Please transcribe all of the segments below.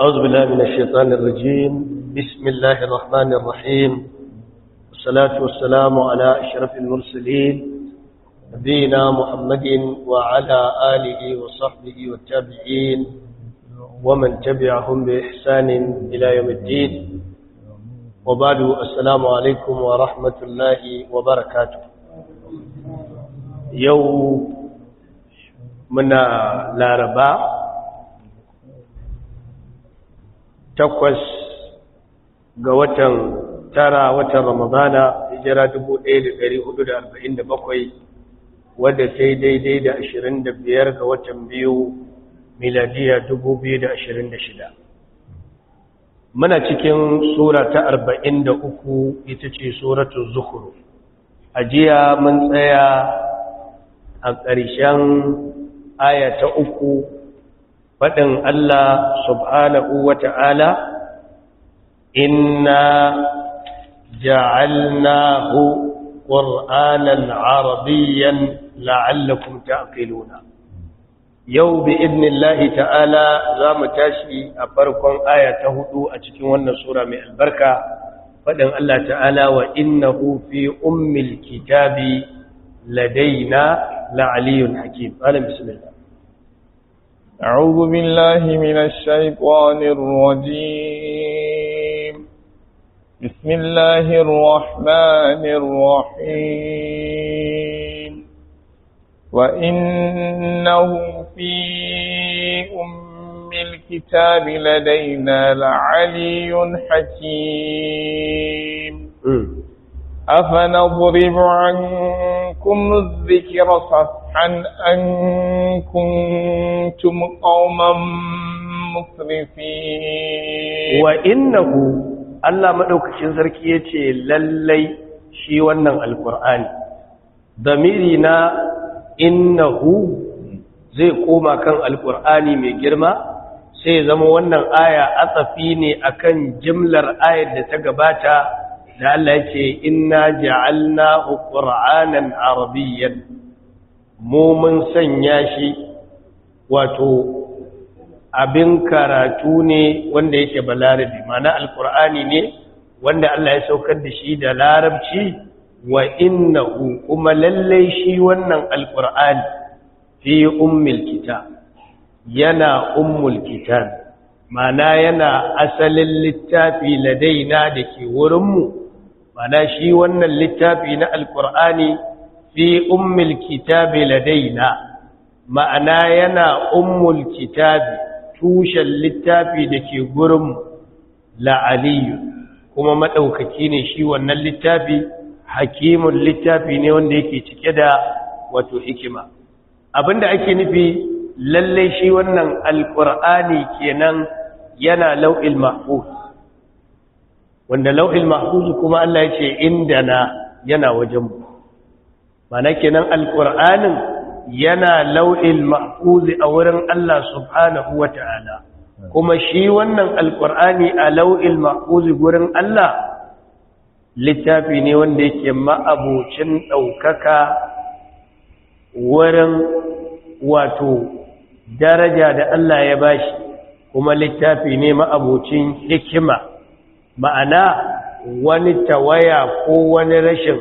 أعوذ بالله من الشيطان الرجيم بسم الله الرحمن الرحيم والصلاة والسلام على أشرف المرسلين نبينا محمد وعلى آله وصحبه والتابعين ومن تبعهم بإحسان إلى يوم الدين وبعد السلام عليكم ورحمة الله وبركاته يوم من لارباء takwas ga watan tara watan ramadana hijira bakwai, wadda ta yi daidai da ashirin da biyar ga watan biyu miladiya shida. muna cikin sura ta arba'in da uku ita ce suratun zukuru a jiya mun tsaya a ƙarshen aya ta uku faɗin Allah subhanahu wa ta'ala inna ja'alnahu ƙur'anan arabiyyan la'allakum ta'qiluna yau bi idnillahi ta'ala za mu tashi a farkon aya ta hudu a cikin wannan sura mai albarka faɗin Allah ta'ala wa inna fi ummil kitabi ladaina la'aliyun hakim alam bismillah أعوذ بالله من الشيطان الرجيم بسم الله الرحمن الرحيم وإنه في أم الكتاب لدينا لعلي حكيم أفنضرب عنكم الذكر صفحا أن كنتم قوما مسرفين وإنه Allah maɗaukacin sarki ya ce lallai shi wannan alkur'ani Zamiri na innahu zai koma kan alkur'ani mai girma sai zama wannan aya atsafi ne akan jimlar ayar da ta gabata da Allah ya ce inna ja'alnahu qur'anan arabiyyan mu mun sanya shi wato abin karatu ne wanda yake balarabi ma'ana alqur'ani ne wanda Allah ya saukar da shi da larabci wa inna kuma lalle shi wannan alqur'ani fi ummul kitab yana ummul kitab ma'ana yana asalin littafi ladaina da ke wurinmu mana shi wannan littafi na alkur'ani fi ummul kitabi ladaina ma'ana yana ummul kitabi tushen littafi da ke gurin la'aliyu kuma maɗaukaki ne shi wannan littafi hakimun littafi ne wanda yake cike da wato hikima abinda ake nufi lallai shi wannan alkur'ani kenan yana lau'il mahfuz wanda lau'il mahfuzu kuma Allah ya ce na, yana wajenmu mana kenan alqur'anin yana lau'il mahfuzi a wurin Allah subhanahu wataala kuma shi wannan alqur'ani a lau'il mahfuzi gurin Allah littafi ne wanda yake ma'abucin ɗaukaka wurin wato daraja da Allah ya bashi kuma littafi ne ma'abocin hikima ma'ana wani tawaya ko wani rashin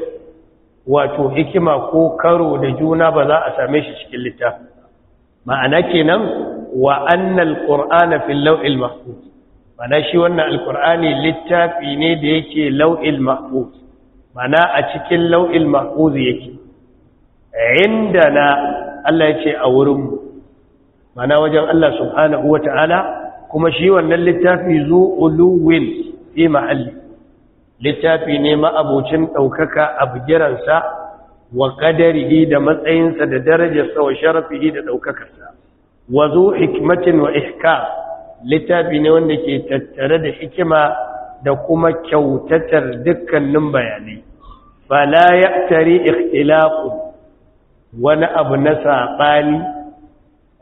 wato hikima ko karo da juna ba za a same shi cikin littafi ma'ana kenan wa annal qur'ana fil lawhil mahfuz ma'ana shi wannan alqur'ani littafi ne da yake lawhil mahfuz ma'ana a cikin lawhil mahfuz yake indana Allah ya ce a wurin mu ma'ana wajen Allah subhanahu wata'ala kuma shi wannan littafi zu uluwin fi ma’alli littafi ne ma'abocin ɗaukaka a bigiransa wa da matsayinsa da darajarsa wa sharafi da ɗaukakarsa wa zo hikmatin wa ihka littafi ne wanda ke tattare da hikima da kuma kyautatar dukkanin bayanai la ya tari ikhtilafun wani abu na saɓani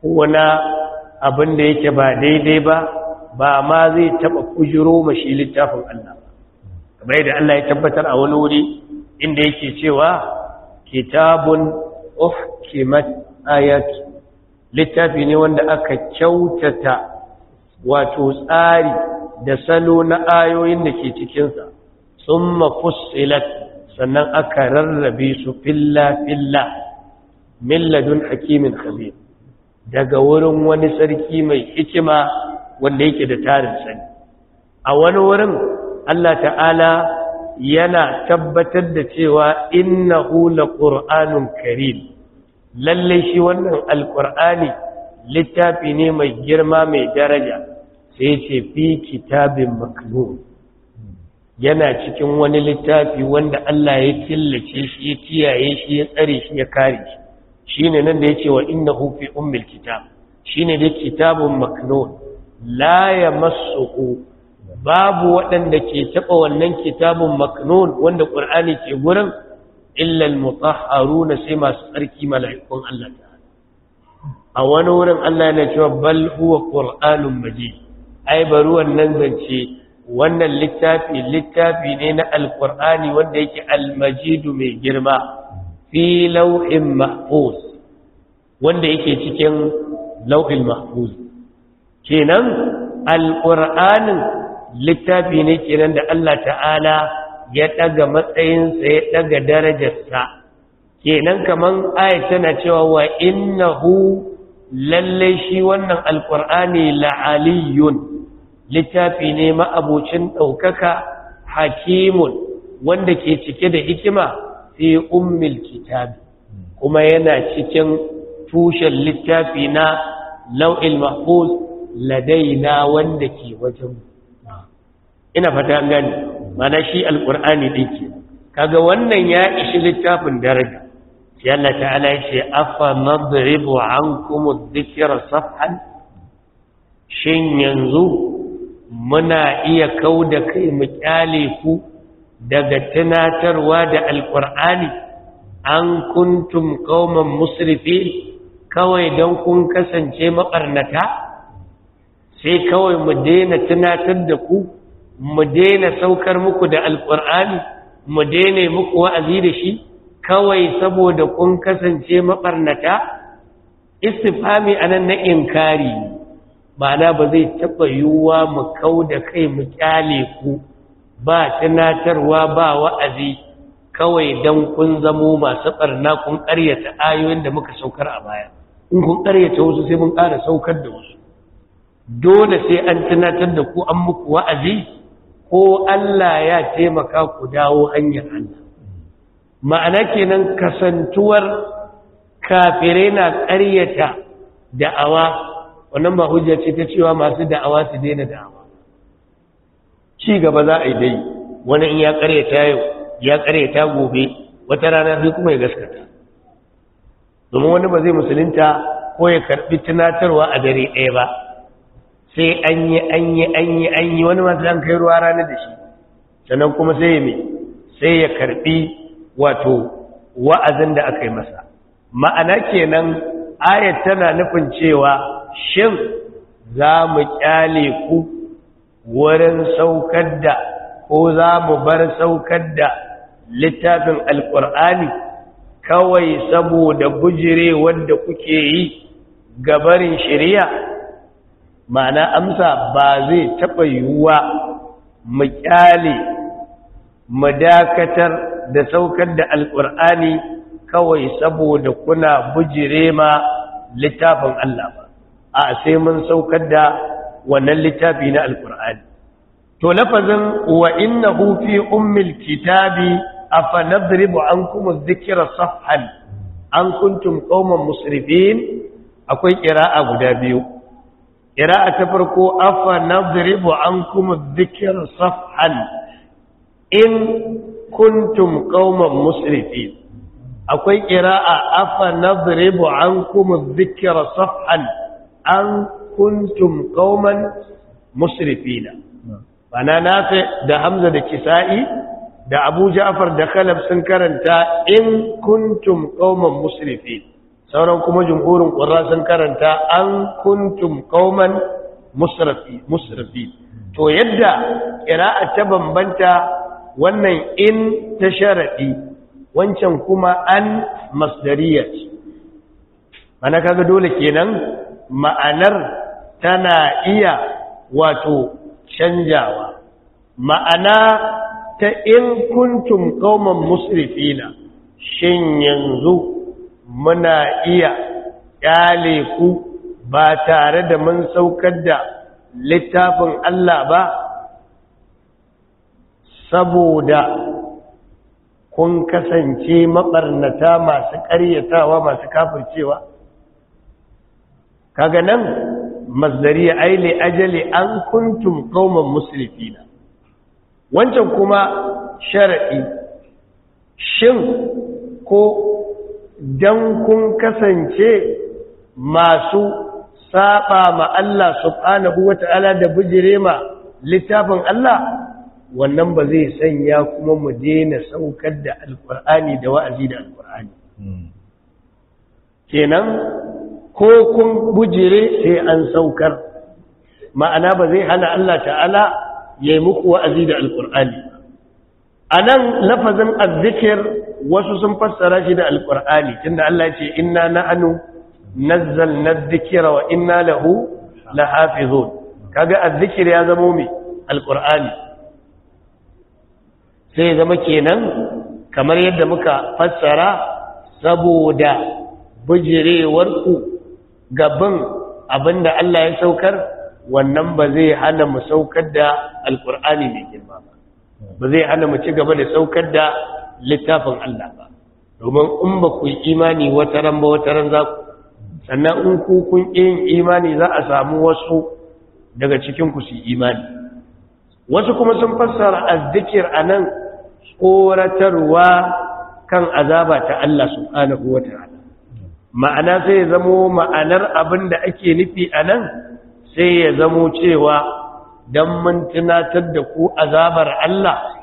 ko na abin da yake ba daidai ba ba ma zai taɓa kujiro mashi littafin Allah kamar yadda Allah ya tabbatar a wani wuri inda yake cewa kitabun uhkimat ayatu littafi ne wanda aka kyautata wato tsari da salo na ayoyin da ke cikin sa sun fussilat sannan aka rarrabe su filla-filla milladun hakimin khabir daga wurin wani sarki mai hikima wanda yake da tarin sani a wani wurin Allah ta'ala yana tabbatar da cewa innahu laqur'anun karim lalle shi wannan alqur'ani littafi ne mai girma mai daraja sai ce fi kitabin makbul yana cikin wani littafi wanda Allah ya killace shi ya kiyaye shi ya tsare shi ya kare shi shine nan da yake wa innahu fi ummil kitab shine da kitabun maknun la ya masu babu waɗanda ke taɓa wannan kitabun maknun wanda ƙur'ani ke gurin illal mutahharu na sai masu tsarki mala'ikun Allah hannu a wani wurin Allah na cewa bal huwa qur'anun ai bari wannan zance wannan littafi littafi ne na alqur'ani wanda yake almajidu mai girma fi law'in mahfuz wanda yake cikin lau'in mahfuz kenan alƙur'anin littafi ne kenan da Allah ta'ala ya ɗaga matsayinsa ya ɗaga darajarsa kenan kaman ayat tana cewa wa innahu lalle shi wannan alƙur'ani la'aliyun littafi ne ma'abocin ɗaukaka hakimun wanda ke cike da hikima fi ummil kitabi kuma yana cikin tushen littafi na lau'il mahfuz ladaina wanda ke wajen ina fata gani mana shi alqur'ani dake kaga wannan ya ishi littafin daraja sai Allah ta'ala ya ce afa nadribu ankum adh-dhikra safhan shin yanzu muna iya kauda kai mu kyale ku daga tunatarwa da alqur'ani an kuntum qauman musrifin kawai dan kun kasance maɓarnata sai kawai mu daina tunatar da ku mu daina saukar muku da alƙur'ani mu daina muku wa'azi da shi kawai saboda kun kasance maɓarnata istifami a nan na inkari ma'ana ba zai taɓa yiwuwa mu kau da kai mu ƙyale ku ba tunatarwa ba wa'azi kawai don kun zamo masu ɓarna kun ƙaryata ayoyin da muka saukar a baya in kun ƙaryata wasu sai mun ƙara saukar da wasu dole sai an tunatar da ku an muku wa'azi ko Allah ya taimaka ku dawo hanyar Allah ma'ana kenan kasantuwar kafire na ƙaryata da'awa wannan ba hujja ce ta cewa masu da'awa su daina da'awa ci gaba za a yi dai wani in ya ƙaryata yau ya ƙaryata gobe wata rana sai kuma ya gaskata domin wani ba zai musulunta ko ya karɓi tunatarwa a dare ɗaya ba sai an yi an yi an yi an yi wani masu an kai ruwa rana da shi sannan kuma sai ya mai sai ya karbi wato wa'azin da aka yi masa ma'ana kenan ayat tana nufin cewa shin za mu kyale ku wurin saukar da ko za mu bar saukar da littafin alkur'ani kawai saboda bujire wanda kuke yi gabarin shari'a ma'ana amsa ba zai taɓa yiwuwa mu ƙyale mu dakatar da saukar da alƙur'ani kawai saboda kuna bujire ma littafin Allah ba a sai mun saukar da wannan littafi na alƙur'ani to lafazin wa innahu fi ummil kitabi afanadribu ankum adh-dhikra safhan an kuntum qauman musrifin akwai qira'a guda biyu ƙira'a ta farko afa nadribu ankum adh-dhikra safhan in kuntum qauman akwai ƙira'a afa nadribu ankum adh-dhikra safhan an kuntum musrifina bana nafi da hamza da kisa'i da abu ja'far da kalab sun karanta in kuntum kauman musrifin sauran kuma jumhurin ƙwarra sun karanta an kuntum kauman musrafi to yadda a ta bambanta wannan in ta sharaɗi wancan kuma an masdariya mana kaga dole kenan ma'anar tana iya wato canjawa ma'ana ta in kuntum kauman musrifina shin yanzu muna iya ƙyale ku ba tare da mun saukar da littafin Allah ba saboda kun kasance maɓarnata masu ƙaryatawa masu kafircewa kaga nan masdariya aile ajali an kuntum qauman na, wancan kuma shar'i shin ko don kun kasance masu saba ma Allah subhanahu wa ta'ala da bujire ma littafin Allah wannan ba zai sanya kuma mu daina saukar da alkur'ani da wa'azi da alkur'ani hmm. kenan ko kun bujire sai an saukar ma'ana ba zai hana Allah ta'ala ya muku wa'azi da alkur'ani a nan lafazin azzikir wasu sun fassara shi da alkur'ani tunda Allah ce inna na'anu nazzalna dhikra wa inna lahu lahafizun kaga azzikir ya zama mai alkur'ani sai zama kenan kamar yadda muka fassara saboda ku gaban abinda Allah ya saukar wannan ba zai hana mu saukar da alkur'ani mai girma ba ba zai hana mu ci gaba da saukar da littafin Allah ba domin in ba ku imani ran ba wataran za ku sannan in ku kun yin imani za a samu wasu daga cikin ku su imani wasu kuma sun fassara a nan tsoratarwa kan azaba ta Allah subhanahu wataala ma'ana sai ya zamo ma'anar abin da ake nufi a nan, sai ya zamo cewa don mun tunatar da ku azabar Allah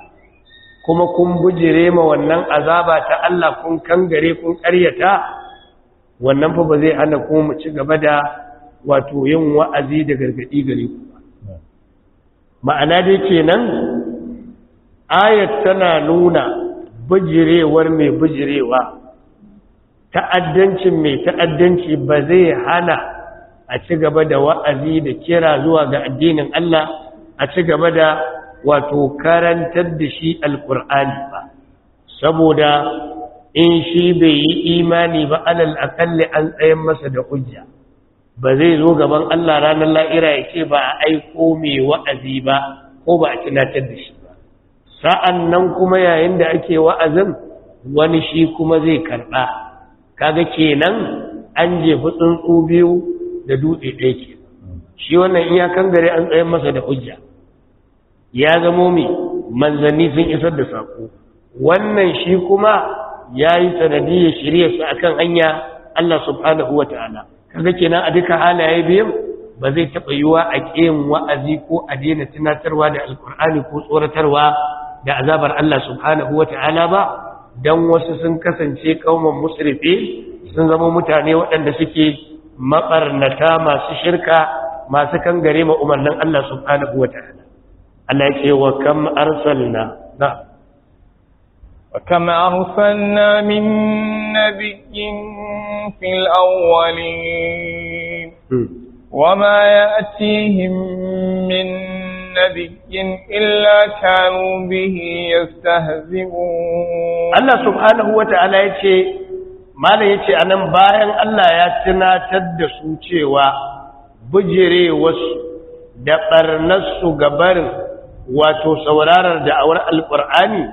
kuma kun bujire ma wannan azaba ta Allah kun kangare kun karyata wannan fa ba zai hana ku mu ci gaba da wato yin wa'azi da gargadi gare ku ma'ana dai kenan ayat tana nuna bujirewar mai bujirewa ta'addancin mai ta'addanci ba zai hana a ci gaba da wa'azi da kira zuwa ga addinin Allah a ci gaba da wato karantar da shi alkur'ani ba saboda in shi bai yi imani ba alal akalli an tsayen masa da hujja ba zai zo gaban Allah ranar la'ira ya ce ba a aiko mai wa'azi ba ko ba a tunatar da shi ba sa'an nan kuma yayin da ake wa'azin wani shi kuma zai karɓa kaga kenan an jefi tsuntsu biyu da dutse ɗaya ke shi wannan iyakan gare an tsayen masa da hujja ya zamo mai manzanni sun isar da saƙo wannan shi kuma ya yi sanadiyar shirya su a kan hanya Allah subhanahu wa ta'ala kaga kenan a duka halaye biyan ba zai taɓa yiwa a ƙin wa'azi ko a daina tunatarwa da alkur'ani ko tsoratarwa da azabar Allah subhanahu wa ta'ala ba don wasu sun kasance ƙaunar musulmi sun zama mutane waɗanda suke maɓarnata masu shirka masu kangare ma umarnin Allah subhanahu wa ta'ala Allah ya ce wa kam arsalna na wa kam arsalna min nabiyyin fil awwalin وَمَا يَأْتِيهِمْ مِنْ نَبِيٍّ إِلَّا كَانُوا بِهِ يَسْتَهْزِئُونَ الله سبحانه وتعالى yace mala yace anan bayan Allah ya tunatar da su cewa bujirewarsu da barnarsu gabarin wato saurarar da'awar alƙur'ani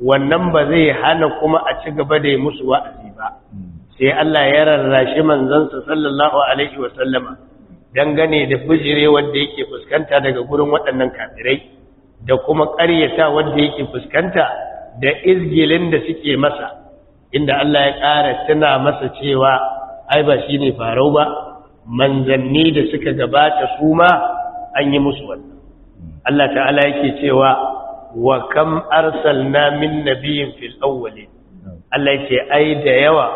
wannan ba zai hana kuma a ci gaba da yi musu wa'azi ba sai Allah ya rarrashi manzansa sallallahu alaihi wa sallama dangane da fujire wanda yake fuskanta daga gurin waɗannan kafirai da kuma ƙaryata wanda yake fuskanta da izgilin da suke masa inda Allah ya ƙara tana masa cewa ai ba shine farau ba manzanni da suka gabata su ma an yi musu wannan Allah ta'ala yake cewa wa kam arsalna min nabiyyin fil awwalin Allah yake ai da yawa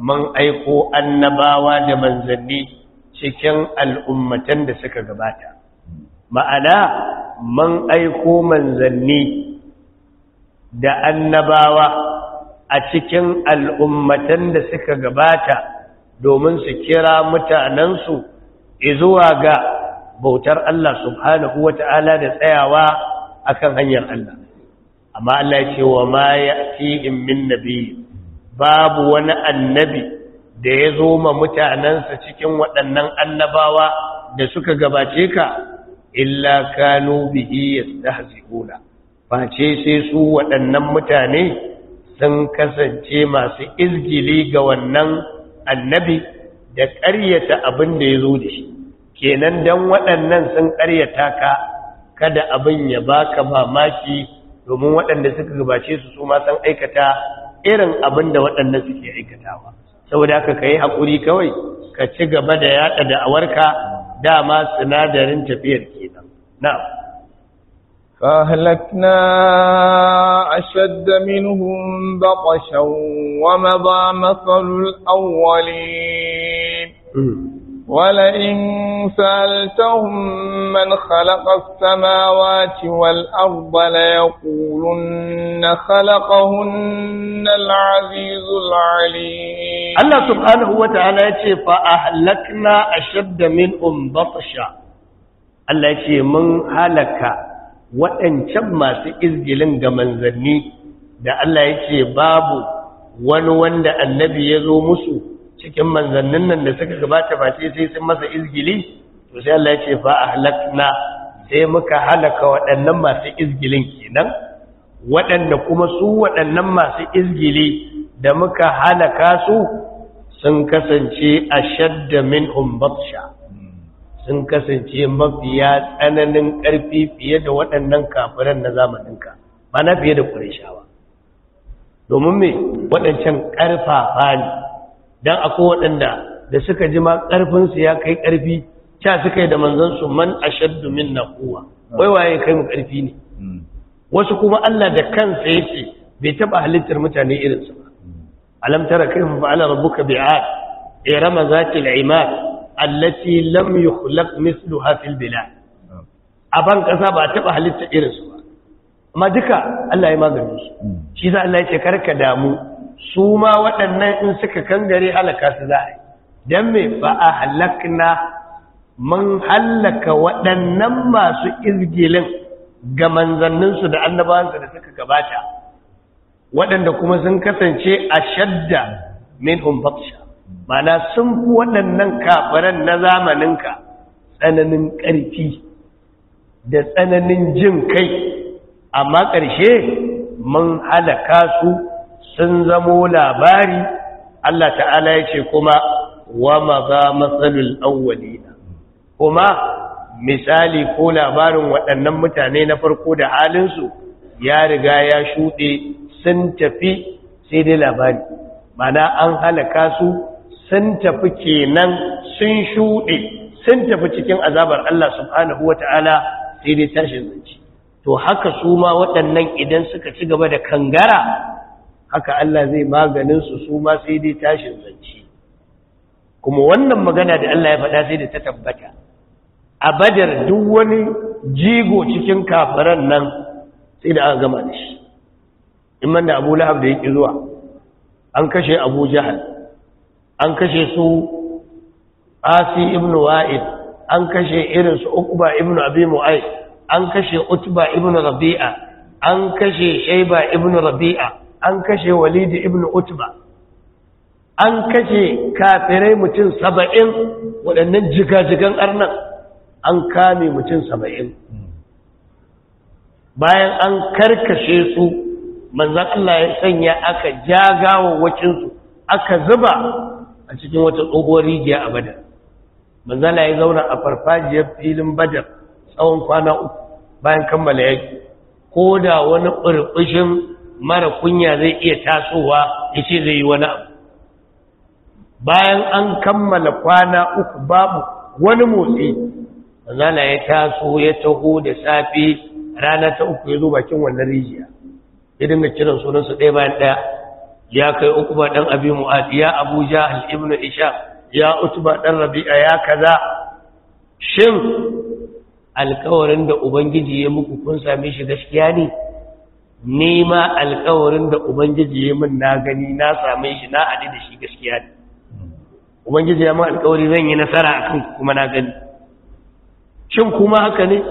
man aiko annabawa da manzanni cikin al'ummatan da suka gabata ma'ana man aiko manzanni da annabawa a cikin al'ummatan da suka gabata domin su kira mutanensu izuwa ga bautar Allah subhanahu ta'ala da tsayawa akan hanyar Allah amma Allah ya ce wa ma in min nabi, babu wani annabi da ya zo ma mutanansa cikin waɗannan annabawa da suka gabace ka illa kanu bihi yastahzi'una face sai su waɗannan mutane sun kasance masu izgili ga wannan annabi da ƙaryata abin da ya zo da shi kenan dan waɗannan sun ƙaryata ka kada abin ya baka mamaki domin waɗanda suka gabace su su ma san aikata irin abin da waɗannan suke aikatawa saboda haka kai haƙuri kawai ka ci gaba da yada awarka, dama sinadarin tafiyar kenan na'am فأهلكنا أشد منهم بطشا ومضى مثل الأولين ولئن سألتهم من خلق السماوات والأرض ليقولن خلقهن العزيز العليم الله سبحانه وتعالى فأهلكنا أشد منهم بطشا الله من هلك وإن ما سئزجل من ذني Allah الله ce babu ونوان wanda النبي يزو مسوه cikin manzannin nan da suka gabata ba sai sai sun masa izgili to sai Allah ya ce fa ahlakna sai muka halaka waɗannan masu izgilin kenan waɗanda kuma su waɗannan masu izgili da muka halaka su sun kasance ashadda min umbatsha sun kasance mafiya tsananin ƙarfi fiye da waɗannan kafiran na zamaninka ba na fiye da ƙurishawa domin me waɗancan ƙarfafa ne dan akwai waɗanda da suka ji ma ƙarfinsu ya kai ƙarfi ca suka yi da manzansu man ashaddu minna kowa. wai waye kai mu ƙarfi ne hmm. wasu kuma Allah da kansa yake bai taba halittar mutane irin su ba alam tara kayfa fa'ala rabbuka bi'ad irama zati al-imad allati lam yukhlaq mithluha fil bilad hmm. a ban kasa ba taba halitta irin su ba amma duka Allah ya magani shi hmm. shi za Allah ya ce karka damu su ma waɗannan in suka kangare halaka su za a yi don me ba a halakna man halaka waɗannan masu izgilin ga manzanninsu da annabawansu da suka gabata waɗanda kuma sun kasance a shadda min umbaksha mana sun fi waɗannan kafaran na zamaninka tsananin ƙarfi da tsananin jin kai amma ƙarshe mun halaka su sun zamo labari Allah ta'ala ya ce kuma wa maza matsalul awwalina kuma misali ko labarin waɗannan mutane na farko da halinsu ya riga ya shuɗe sun tafi sai dai labari mana an halaka su sun tafi kenan sun shuɗe sun tafi cikin azabar Allah subhanahu wata'ala sai dai tashin zance to haka su ma waɗannan idan suka ci gaba da kangara haka Allah zai maganin su su ma sai dai tashin zance kuma wannan magana da Allah ya faɗa sai da ta tabbata a badar duk wani jigo cikin kafaran nan sai da aka gama da shi in man da Abu Lahab da yake zuwa an kashe Abu Jahal an kashe su Asi ibn Wa'id an kashe irin su Uqba ibn Abi Mu'ayth an kashe Utba ibn Rabi'a an kashe Shayba ibn Rabi'a an kashe walidi ibn utba an kashe kafirai mutum saba'in waɗannan jigajigan arnan an kame mutum saba'in bayan an karkashe su manzan Allah ya sanya aka jagawa wacinsu aka zuba a cikin wata tsohuwar rigiya a badar manzan ya zauna a farfajiyar filin badar tsawon kwana uku bayan kammala yaki ko da wani ƙurƙushin mara kunya zai iya tasowa ya ce zai yi wani abu bayan an kammala kwana uku babu wani motsi zana ya taso ya taho da safe rana ta uku ya zo bakin wannan rijiya ya dinga kiran sunansu ɗaya bayan ɗaya ya kai uku ba ɗan abi mu'ad ya abuja al'ibnu isha ya utu ba ɗan rabi'a ya kaza shin alkawarin da ubangiji ya muku kun same shi gaskiya ne nema alkawarin da ubangiji ya min na gani na same shi na hadi da shi gaskiya ne ubangiji ya min alkawari zan yi nasara akan kuma na gani shin kuma haka ne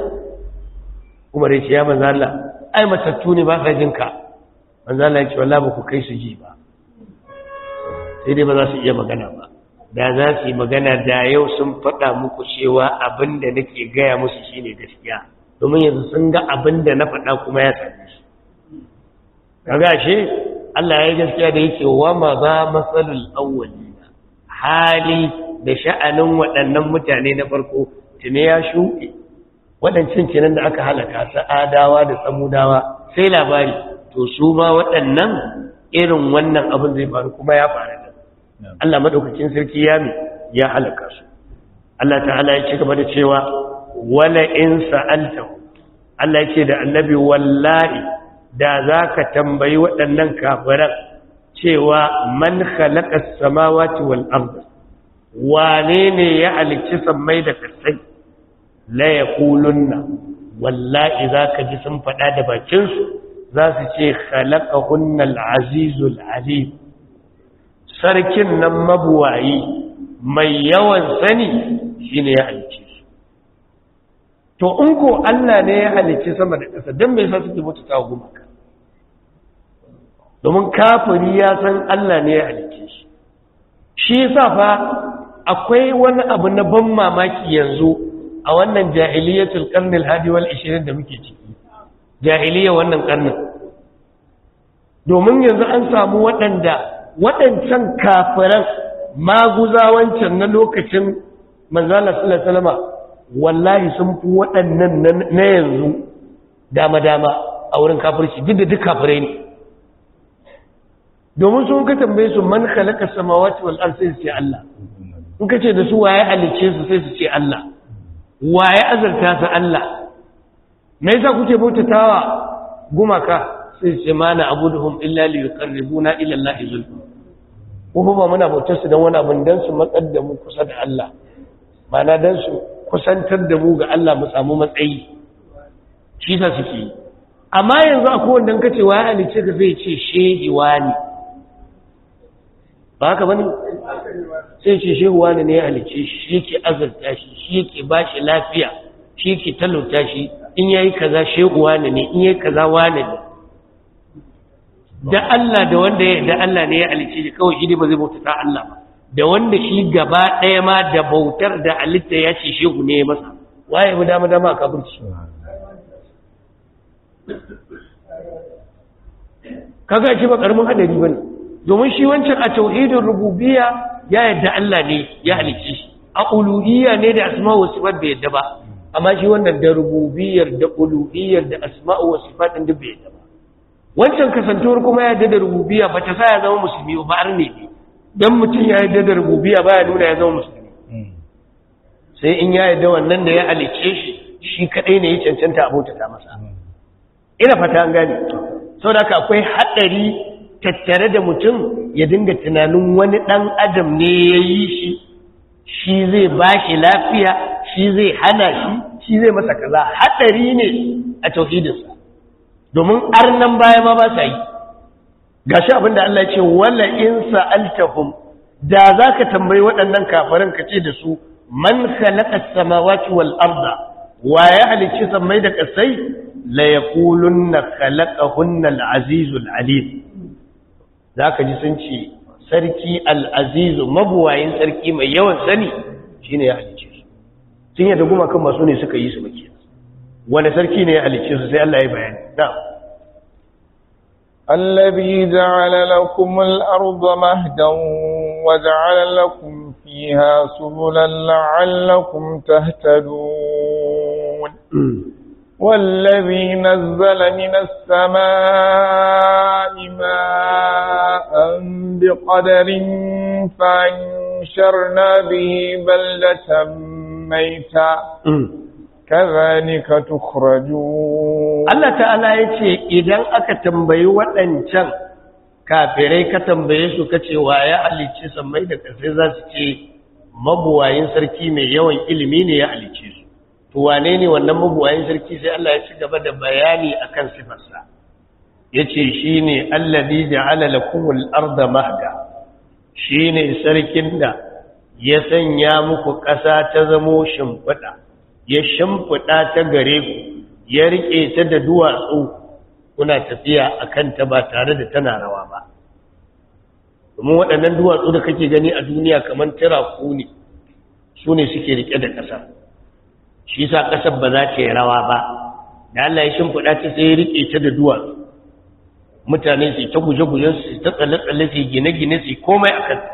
kuma ya ce ya manzo Allah ai matattu ne ba sai jinka manzo Allah ya ce wallahi ba ku kai su ji ba sai dai ba za su iya magana ba da za su yi magana da yau sun faɗa muku cewa abin da nake gaya musu shine gaskiya domin yanzu sun ga abin da na faɗa kuma ya sani kaga shi Allah ya yi gaskiya da yake wa ma ba masalul hali da sha'anin waɗannan mutane na farko tuni ya shuke. waɗancan cinan da aka halaka adawa da samudawa sai labari to su ma waɗannan irin wannan abin zai faru kuma ya faru da Allah madaukakin sarki ya mi ya halaka su Allah ta'ala ya ci gaba da cewa wala in sa'alta Allah ya ce da annabi wallahi da za ka tambayi waɗannan kafiran cewa man halaka samawati wal arda wane ne ya halicci sammai da kasai la yaqulunna wallahi ka ji sun faɗa da bakin su za su ce khalaqahunna al-azizul alim sarkin nan mabuwayi mai yawan sani shine ya halicci su to in ko Allah ne ya halicci sama da ƙasa dan me yasa suke mutu ta gumaka domin kafiri ya san Allah ne ya halitta shi shi yasa fa akwai wani abu na ban mamaki yanzu a wannan jahiliyatul qarni al-hadi wal 20 da muke ciki jahiliya wannan karnin domin yanzu an samu waɗanda waɗancan kafiran maguzawancin na lokacin manzala sallallahu alaihi wallahi sun fi waɗannan na yanzu dama-dama a wurin kafirci duk da duk kafirai ne domin sun ka tambaye su man khalaqa samawati wal ardi sai su ce Allah in ka ce da su waye halicce su sai su ce Allah waye azalta su Allah me yasa kuke bautatawa gumaka sai su ce mana abuduhum illa li yuqarribuna ila Allah zulfa ko ba muna bautar su dan wani abin dan su matsar da mu kusa da Allah mana dan su kusantar da mu ga Allah mu samu matsayi shi sa suke amma yanzu akwai wanda kace waye halicce ka sai ce shehi wani ba haka bane sai ce shehu wani ne ya halice shi ke azarta shi shi ke ba shi lafiya shi ke talauta shi in yayi kaza shehu wani ne in yayi kaza wani ne da Allah da wanda ya da Allah ne ya halice shi kawai shi ne ba zai bauta ta Allah ba da wanda shi gaba ɗaya ma da bautar da halitta ya ce shehu ne ya masa waye mu dama dama a kafirci kaga shi ba karamin hadari bane domin shi wancan a tauhidin rububiya ya yadda Allah ne ya halici a uluhiyya ne da asma'u wa sifat bai yadda ba amma shi wannan da rububiyyar da uluhiyyar da asma'u wa sifat din bai yadda ba wancan kasantuwar kuma ya yadda da rububiyya ba ta sa ya zama musulmi ba har ne ne dan mutum ya yadda da rububiyya ba ya nuna ya zama musulmi sai in ya yadda wannan da ya halice shi shi kadai ne ya cancanta abota ta masa ina fata an gane saboda akwai haɗari. tattare da mutum ya dinga tunanin wani ɗan adam ne ya yi shi shi zai ba shi lafiya shi zai hana shi shi zai masa kaza haɗari ne a tauhidinsa domin arnan baya ma ba sa yi ga shi abin da Allah ce wala in sa'altahum da za ka tambayi waɗannan kafarin ka ce da su man khalaqa samawati wal arda wa ya halicci sammai da kasai la yaqulunna khalaqahunna al azizul alim za ka ji sun ce sarki al'azizu mabuwayin sarki mai yawan sani shi ne ya halice su sun yadda kan masu ne suka yi su maki wanda sarki ne ya halice su sai Allah ya bayani na Allabi جعل لكم الأرض مهدا وجعل لكم فيها سبلا لعلكم والذي نزل من السماء ماء بقدر فانشرنا به ka ميتا كذلك تخرجون الله تعالى يتي إذا أكتم بيوة أنشان kafirai ka tambaye su kace ya halicce sammai da kasai za su ce mabuwayin sarki mai yawan ilimi ne ya halicce su to wane ne wannan mabuwayin sarki sai Allah ya ci gaba da bayani akan sifarsa Ya ce shi yace shine da ja'ala lakumul arda mahda ne sarkin da ya sanya muku ƙasa ta zamo shimfiɗa ya shimfiɗa ta gare ku ya riƙe ta da duwatsu kuna tafiya a ta ba tare da tana rawa ba domin waɗannan duwatsu da kake gani a duniya kamar ku ne su ne suke rike da ƙasa shi sa ƙasar ba za ta yi rawa ba da Allah ya shimfiɗa ta sai ya riƙe ta da duwa, mutane su ta guje-guje su ta tsalle-tsalle su gine-gine su komai a kanta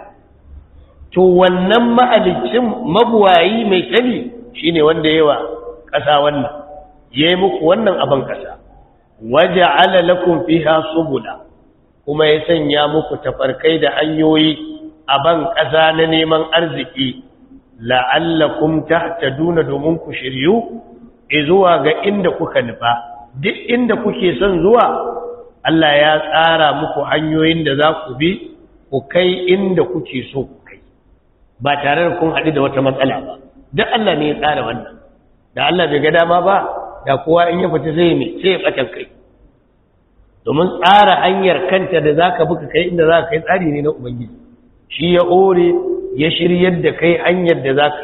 to wannan ma'alicin mabuwayi mai kani shine wanda yawa ƙasa wannan yayi muku wannan abin ƙasa waja'ala lakum fiha subula kuma ya sanya muku tafarkai da hanyoyi a ban ƙasa na neman arziki ta duna domin ku shiryu e zuwa ga inda kuka nufa duk inda kuke son zuwa Allah ya tsara muku hanyoyin da za ku bi ku kai inda kuke so ku kai ba tare da kun haɗu da wata matsala ba duk Allah ne ya tsara wannan da Allah bai ga dama ba da kowa in ya fita zai mai sai ya ɓatan kai domin tsara hanyar kanta da za ka buka kai inda za ka kai tsari ne na ubangiji shi ya ore ya shiryar da kai hanyar da za ka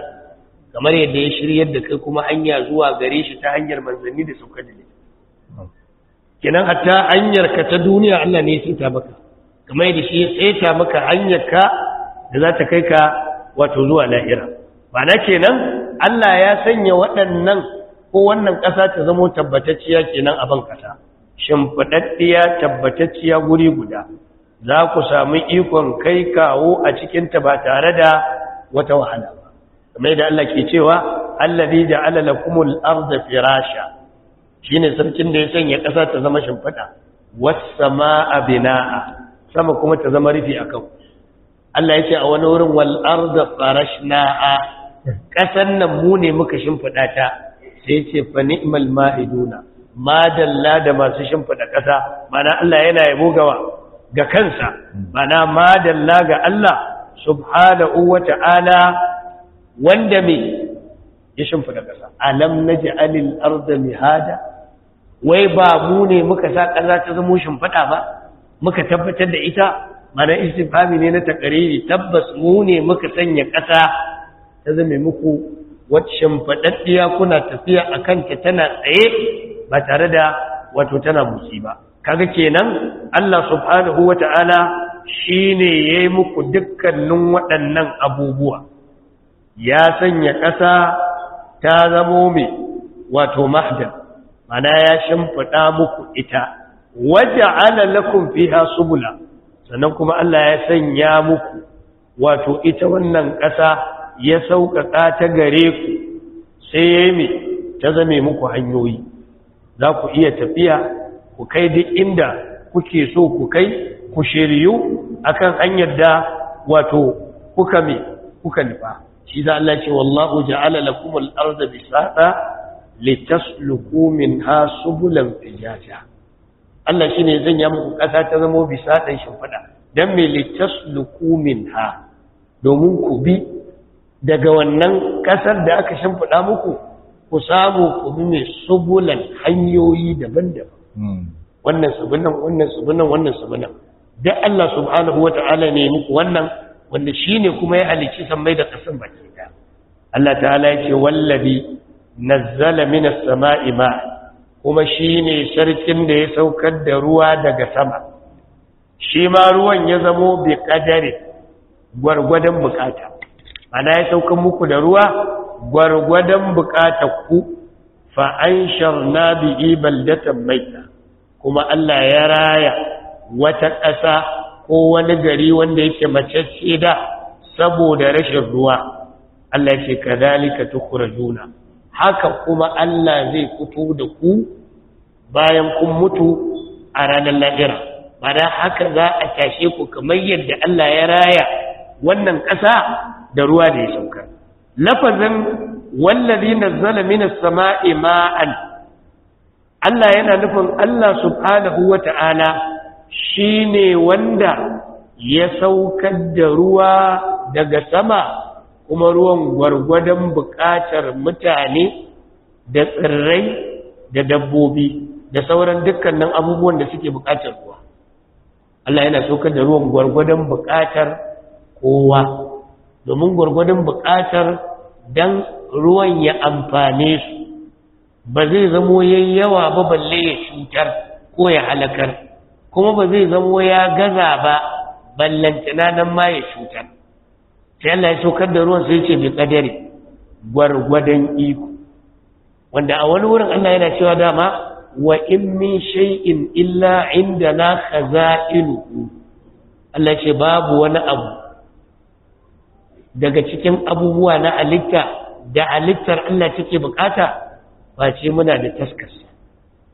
kamar yadda ya shiryar da kai kuma hanya zuwa gare shi ta hanyar manzanni da sauka da kinan hatta hanyar ka ta duniya Allah ne ya ta maka kamar yadda shi ya ta maka hanyar ka da za ta kai ka wato zuwa la'ira ba na kenan Allah ya sanya waɗannan ko wannan ƙasa ta zamo tabbatacciya kenan a ban ƙasa shimfiɗaɗɗiya tabbatacciya guri guda za ku sami ikon kai kawo a cikinta ba tare da wata wahala ba kamar da Allah ke cewa allazi ja'ala lakumul arda firasha shine sarkin da ya sanya ƙasa ta zama shimfiɗa was-samaa binaa sama kuma ta zama rufi akan Allah ya ce a wani wurin wal arda farashnaa ƙasan nan mu ne muka shimfiɗa ta sai ce fa ni'mal ma'iduna ma da masu shimfiɗa ƙasa mana Allah yana yabo gawa ga kansa mana madalla ga Allah subhanahu wa ta'ala wanda me ya da ƙasa alam naj'alil arda mihada wai ba mu ne muka sa ƙasa ta zama shimfida ba muka tabbatar da ita mana istifami ne na takariri tabbas mu ne muka sanya ƙasa ta zama muku wacce shimfidaddiya kuna tafiya akan ta tana tsaye ba tare da wato tana busi ba kaga kenan Allah subhanahu wata'ala shine yayi muku dukkanin waɗannan abubuwa ya sanya ƙasa ta zamo mai wato mahdan mana ya shimfiɗa muku ita waja'ala lakum fiha subula sannan kuma Allah ya sanya muku wato ita wannan ƙasa ya sauƙaƙa ta gare ku sai yayi mai ta zame muku hanyoyi za ku iya tafiya ku kai duk inda kuke so ku kai ku shiryu akan hanyar da wato kuka me kuka nufa shi za Allah ce wallahu ja'ala lakum al-ardha bisata litasluku minha subulan fijaja Allah shine zan ya muku kasa ta zama bisata bisatan fada dan me litasluku minha domin ku bi daga wannan kasar da aka shimfida muku ku samu ku bi mai subulan hanyoyi daban-daban wannan sabunan wannan sabunan wannan sabunan duk Allah subhanahu wata'ala ne muku wannan wanda shine kuma ya halicci sammai da kasan baki da Allah ta'ala ya wallabi nazzala minas sama'i ma kuma shine sarkin da ya saukar da ruwa daga sama shi ma ruwan ya zamo bi kadari gwargwadon bukata ana ya saukar muku da ruwa gwargwadon bukatar ku fa'ansharna nabi'i baldatan maita kuma Allah ya raya wata ƙasa ko wani gari wanda yake macece da saboda rashin ruwa Allah ce ka tukura juna. haka kuma Allah zai fito da ku bayan kun mutu a ranar lahira bada haka za a tashe ku kamar yadda Allah ya raya wannan ƙasa da ruwa da ya sauka lafazin wallazi nazzala minas sama'i ma'an Allah yana nufin Allah subhanahu wata'ala shine wanda ya saukar da ruwa daga sama kuma ruwan gwargwadon buƙatar mutane da tsirrai da dabbobi da sauran dukkanin abubuwan da suke buƙatar ruwa Allah yana saukar da ruwan gwargwadon buƙatar kowa domin gwargwadon buƙatar dan ruwan ya amfane su ba zai zamo yayi yawa ba balle ya cutar ko ya halakar kuma ba zai zamo ya gaza ba ballantana nan ma ya cutar sai Allah ya saukar da ruwan sai ce bi kadari gwargwadon iko wanda a wani wurin Allah yana cewa dama wa in min shay'in illa indana khaza'inuhu Allah ce babu wani abu daga cikin abubuwa na alitta da halittar Allah take bukata ba ce muna da taskar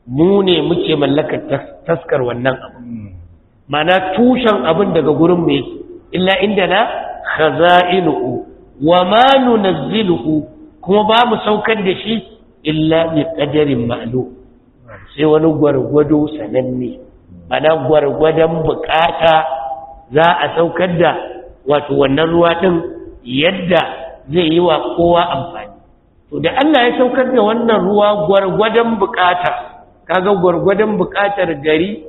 mu ne muke mallakar taskar wannan abu mana tushen abin daga gurin mu mai illa inda na khaza'inuhu wa ma nunzilu kuma ba mu saukar da shi illa bi qadarin ma'lum sai wani gwargwado sananne mana gwargwadon bukata za a saukar da wato wannan ruwa din yadda zai yi wa kowa amfani to da Allah ya saukar da wannan ruwa gwargwadon bukata kaga gwargwadon bukatar gari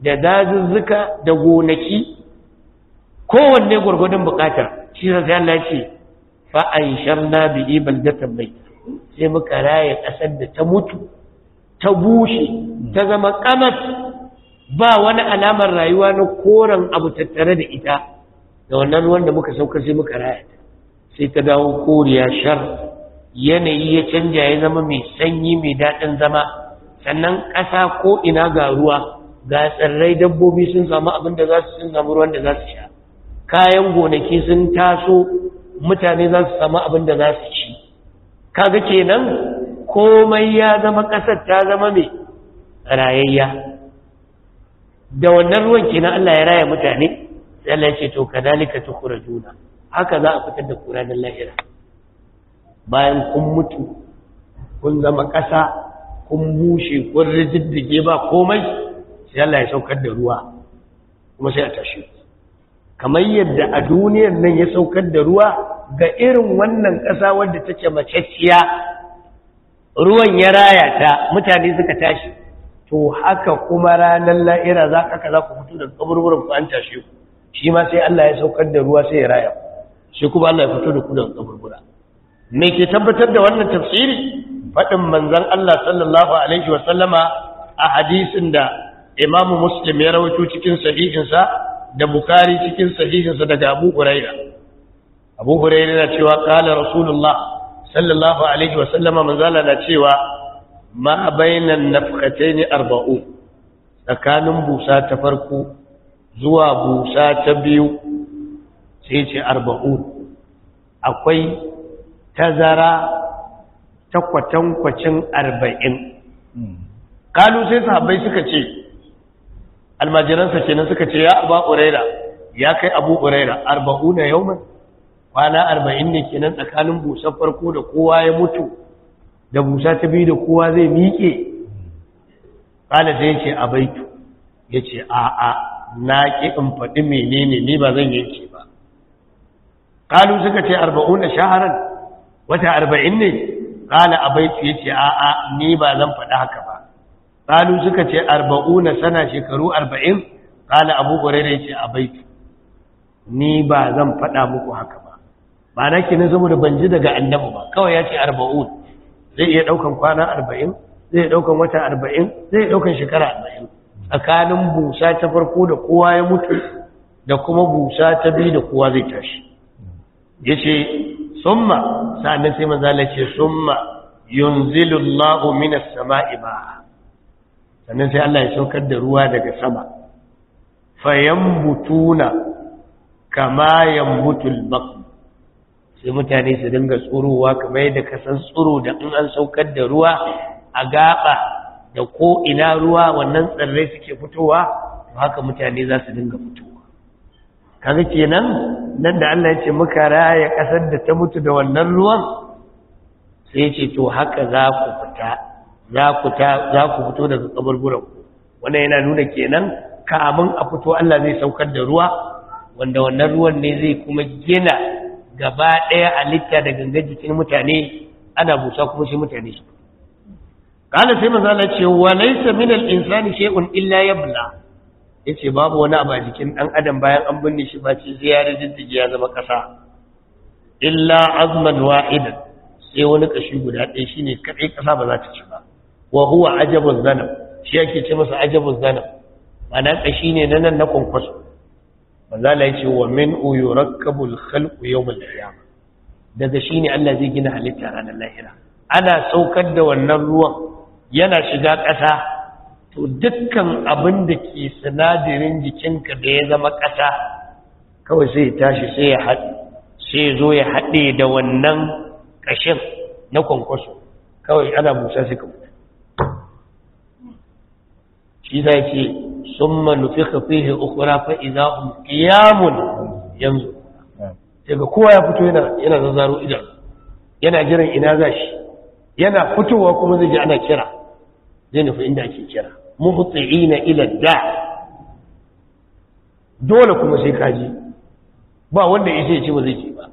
da dazuzzuka da gonaki kowanne gwargwadon bukata shi sai Allah ya ce fa da ibal baldatan mayta sai muka raye ƙasar da ta mutu ta bushe ta zama kamat ba wani alamar rayuwa na koren abu tattare da ita da wannan ruwan da muka saukar sai muka raya ta sai ta dawo koriya shar yanayi ya canja ya zama mai sanyi mai daɗin zama sannan ƙasa ko ina ga ruwa ga tsirrai dabbobi sun samu abin da za su sun samu ruwan da za su sha kayan gonaki sun taso mutane za su samu abin da za su ci kaga kenan komai ya zama ƙasar ta zama mai rayayya da wannan ruwan kenan Allah ya raya mutane sai Allah ya ce to kadalika tukhrajuna haka za a fitar da kura da lahira bayan kun mutu kun zama ƙasa kun bushe kun rijiddige ba komai sai Allah ya saukar da ruwa kuma sai a tashi kamar yadda a duniyar nan ya saukar da ruwa ga irin wannan ƙasa wadda take macecciya ruwan ya raya ta mutane suka tashi to haka kuma ranar la'ira za ka za ku fito da kaburburin ku an tashi ku shi ma sai Allah ya saukar da ruwa sai ya raya shi kuma Allah ya fito da ku daga kaburbura me ke tabbatar da wannan tafsiri faɗin manzon Allah sallallahu alaihi wa sallama a hadisin da Imam Muslim ya rawaito cikin sahihinsa da Bukhari cikin sahihinsa daga Abu Hurairah Abu Hurairah na cewa qala Rasulullah sallallahu alaihi wa sallama manzala na cewa ma bainan nafkhatayn arba'u tsakanin busa ta farko zuwa busa ta biyu sai ce arba'un akwai tazara ta kwatankwacin arba'in kalu sai sahabbai suka ce almajiransa kenan suka ce ya abu ƙuraira ya kai abu ƙuraira yau yauman kwana arba'in ne kenan tsakanin busa farko da kowa ya mutu da busa ta biyu da kowa zai miƙe ƙala sai ce a baitu ya ce a'a na ƙi in faɗi menene ne ba zan yanke kalu suka ce arba'una shaharan wata arba'in ne a abaitu ya ce a'a ni ba zan faɗi haka ba kalu suka ce arba'una sana shekaru arba'in kala abu ƙwararra ya ce a abaitu ni ba zan faɗa muku haka ba ba na ke kenan saboda ban ji daga annabu ba kawai ya ce arba'un zai iya ɗaukan kwana arba'in zai iya ɗaukan wata arba'in zai iya ɗaukan shekara arba'in tsakanin busa ta farko da kowa ya mutu da kuma busa ta biyu da kowa zai tashi yace summa Sani sai manzo Allah yace summa yunzilu Allahu minas sama'i ba sannan sai Allah ya saukar da ruwa daga sama fayambutuna kama yambutul baql sai mutane su dinga tsurowa kamar yadda kasan san tsuro da in an saukar da ruwa a gaba da ko ina ruwa wannan tsirrai suke fitowa to haka mutane za su dinga fito. kaga kenan nan da Allah ya ce muka raya kasar da ta mutu da wannan ruwan sai ya ce to haka za ku fita za ku ta za ku fito daga kaburburan wannan yana nuna kenan kamin a fito Allah zai saukar da ruwa wanda wannan ruwan ne zai kuma gina gaba ɗaya litta da gangan jikin mutane ana busa kuma shi mutane shi ce wa laysa min al-insani shay'un illa yabla yace babu wani abu a jikin dan adam bayan an binne shi ba ce sai ya ya zama kasa illa azman wa'idan sai wani kashi guda ɗaya shine kadai kasa ba za ta ci ba wa huwa ajabun zanab shi yake ce masa ajabun zanab ma'ana kashi ne na nan na kwankwaso manzo Allah yace wa min yurakkabul khalqu al-qiyam daga shine Allah zai gina halitta ranar lahira ana saukar da wannan ruwan yana shiga ƙasa. to dukkan abin da ke sinadarin jikinka da ya zama ƙasa kawai sai tashi sai ya sai zo ya haɗe da wannan ƙashin na kwankwaso kawai ana musa suka mutu shi za ce sun manufi kafihin iza fa'iza ƙiyamun yanzu daga kowa ya fito yana zazzaro idan yana jiran ina za shi yana fitowa kuma zai ji ana kira zai nufi inda ake kira muhti'ina ila da dole kuma sai kaji ba wanda yace ya ce ba zai ce ba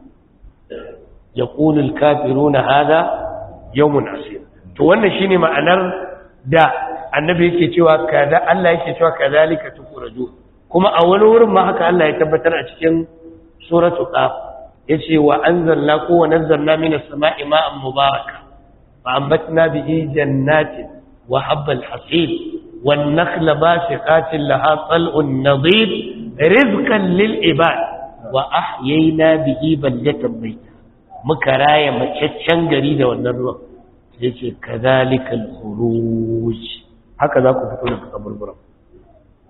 yaqulu al-kafiruna hadha yawmun asir to wannan shine ma'anar da annabi yake cewa kaza Allah yake cewa kadhalika tukuraju kuma a wani wurin ma haka Allah ya tabbatar a cikin suratu qaf yace wa anzalna ko wa nazzalna minas sama'i ma'an mubaraka fa ambatna bihi jannatin wa habbal hasid والنخل باسقات لها طلع نضيد رزقا للعباد واحيينا به بلده ميتا muka raya macaccen gari da wannan ruwan sai ce kazalikal khuruj haka za ku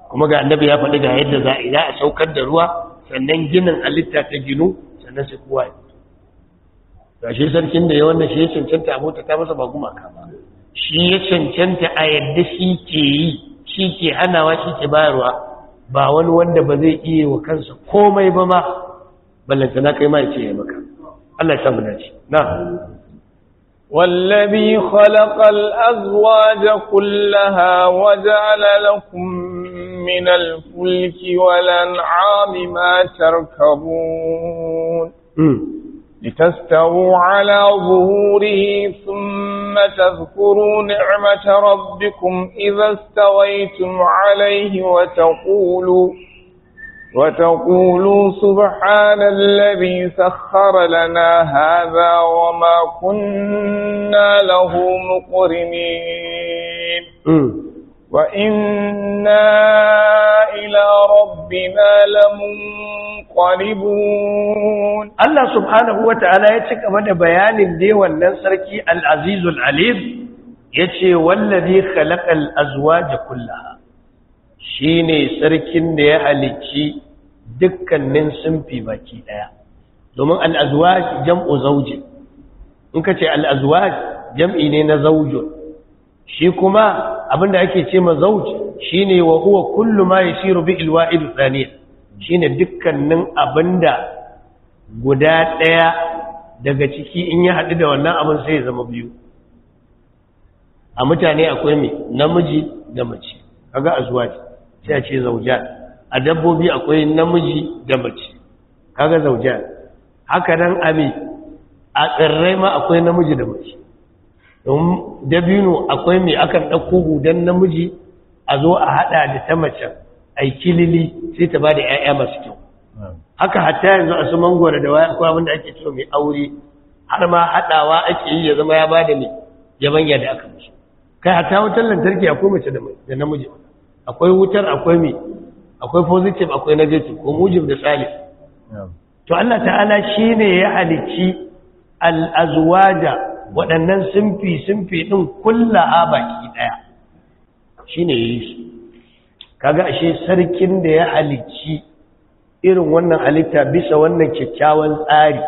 kuma ga annabi ya faɗi ga yadda za a a saukar da ruwa sannan ginin alitta ta ginu sannan sai kowa ya sarkin da ya wannan shi ya cancanta abota ta masa ba gumaka ba shi ya cancanta a yadda shi ke yi shi ke hanawa shi ke bayarwa ba wani wanda ba zai iya wa kansa komai ba ma na kai ma ce ya maka Allah ya samu dace na wallabi azuwa azwaja kullaha waja'ala lakum min fulki walan amima tarkabun hmm. لتستووا على ظهوره ثم تذكروا نعمة ربكم إذا استويتم عليه وتقولوا وتقولوا سبحان الذي سخر لنا هذا وما كنا له مقرنين وإنا إلى ربنا لمنقلبون الله سبحانه وتعالى يتك من بيان دي والنسرك العزيز العليم يتي والذي خلق الأزواج كلها shine sarkin da ya halicci dukkanin sunfi baki ɗaya. domin al-azwaj jam'u zawjin in kace al-azwaj jam'i ne na zawjun shi kuma abinda ake ce ma zauj shine wa huwa kullu ma yasiru bi alwa'id Shi shine dukkanin abinda guda daya daga ciki in ya hadu da wannan abin sai ya zama biyu a mutane akwai me namiji da mace kaga azwaji sai a ce zaujat a dabbobi akwai namiji da mace kaga zaujat haka nan abi a tsirrai ma akwai namiji da mace don dabino akwai mai akan ɗauko hudan namiji a zo a haɗa da ta macen a yi kilili sai ta ba da 'ya'ya masu kyau haka hatta yanzu a su mangwara da waya akwai wanda ake cewa mai aure har ma haɗawa ake yi ya zama ya ba da mai yabanya da aka musu kai hatta wutar lantarki akwai mace da namiji akwai wutar akwai mai akwai positive akwai negative ko mujib da salif to Allah ta'ala shine ya halicci al-azwaja waɗannan simfi-simfi ɗin kulla a baki ɗaya shi ne yi su kaga ashe sarkin da ya halicci irin wannan halitta bisa wannan kyakkyawan tsari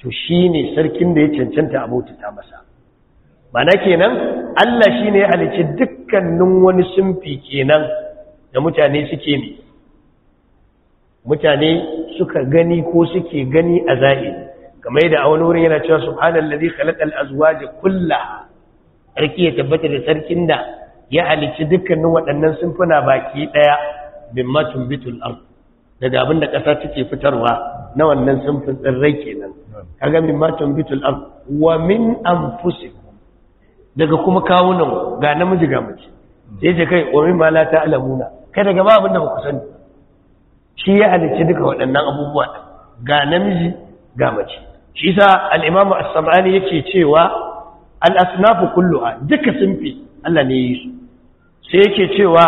to shi ne sarkin da ya cancanta abota masa mana kenan Allah shi ne ya halicci dukkanin wani simfi kenan da mutane suke ne mutane suka gani ko suke gani a za'iri kamar yadda a wani wurin yana cewa subhanallazi khalaqal azwaja kullaha sarki ya tabbata da sarkin da ya halicci dukkanin waɗannan sunfuna baki daya matun bitul ard daga abin da ƙasa take fitarwa na wannan sunfun tsirrai kenan kaga matun bitul ard wa min anfusikum daga kuma kawunan ga namiji ga mace sai ce kai wa ma la ta'lamuna kai daga ba abin da ba ku sani shi ya halicci duka waɗannan abubuwa ga namiji ga mace shi sa al'imamu as-sam'ani yake cewa al'asnafu kulluha duka sunfi Allah ne yi su sai yake cewa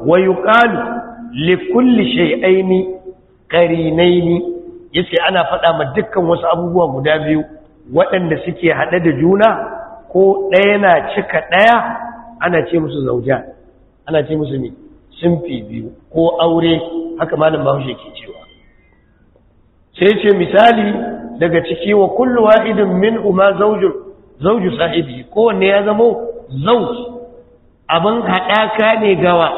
wa yi ƙalu likulli shai'aini ƙarinaini ya ce ana faɗa ma dukkan wasu abubuwa guda biyu waɗanda suke haɗe da juna ko ɗaya na cika ɗaya ana ce musu zauja ana ce musu ne sunfi biyu ko aure haka malam bahaushe ke cewa sai ce misali daga ciki wa kullu wahidin min huma zawju zawju sahibi ko wanne ya zamo zawj abin haɗaka ne gawa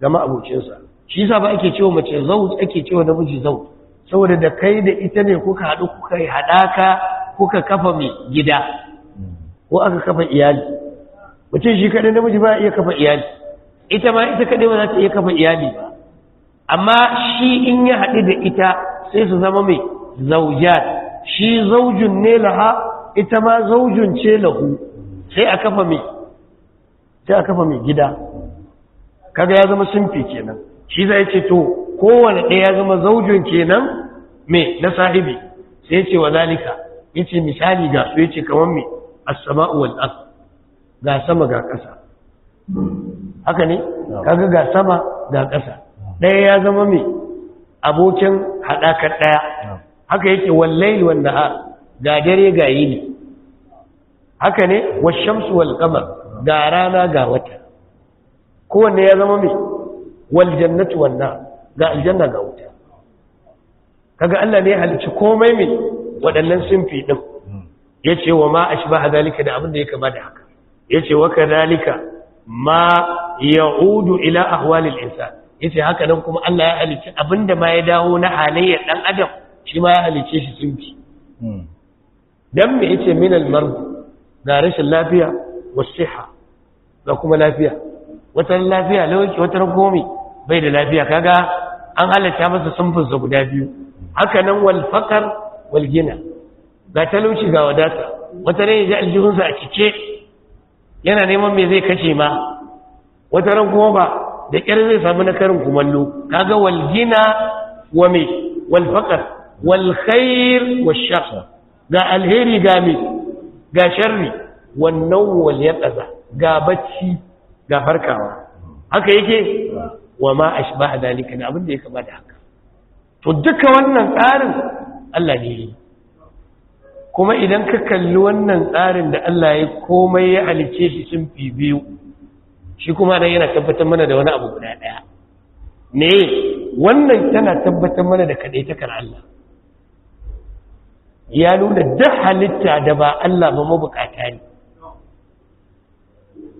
ga ma'abocinsa shi yasa ba ake cewa mace zawj ake cewa namiji zawj saboda da kai da ita ne kuka haɗu kuka yi haɗaka kuka kafa mai gida ko aka kafa iyali mutum shi kadai namiji ba iya kafa iyali ita ma ita kadai ba za ta iya kafa iyali ba amma shi in ya haɗu da ita sai su zama mai zaujat shi zaujun ne laha ita ma zaujun ce lahu sai a kafa mai sai a kafa mai gida kaga ya zama sunfi kenan shi zai ce to kowane ɗaya ya zama zaujun kenan mai na sahibi sai ce wa zalika yace misali ga su yace kamar mai as-sama'u wal ard ga sama ga ƙasa haka ne kaga ga sama ga ƙasa ɗaya ya zama mai abokin haɗakar ɗaya haka yake wallahi wan nahar ga dare ga yini haka ne wa shamsu wal-qamar ga rana ga wata kowanne ya zama mai wal-jannatu wan ga aljanna ga wuta kaga Allah ne ya halicci komai mai waɗannan sunfi din yace wa ma ashbaha zalika da abin da ya kama da haka yace wa kadhalika ma ya'udu ila ahwalil insan yace haka nan kuma Allah ya halicci abinda ma ya dawo na halayyar ɗan adam shi ma ya halice shi tsinki hmm. dan me yace min al-marb da rashin lafiya wasiha da kuma lafiya wata lafiya lauki wata gomi bai da lafiya kaga an halatta masa sunfin guda biyu haka nan wal faqar wal gina ga talauci ga wadata wata ne ji aljihunsa a cike yana neman me zai kashe ma wata ran kuma ba da ƙyar zai samu na karin kumallo kaga wal gina wa me wal والخير والشر wash الهيري ga alheri ga ga sharri wan nawm wal yaqaza ga bacci ga farkawa haka yake wa ma ashbaha dalika da abin da wannan tsarin Allah ne kuma idan ka kalli wannan tsarin da Allah ya komai ya halice shi sun fi biyu shi kuma nan yana tabbatar mana da wani abu guda daya ne wannan tana tabbatar mana da kadaitakan Allah ya nuna duk halitta da ba Allah ba mabukata ne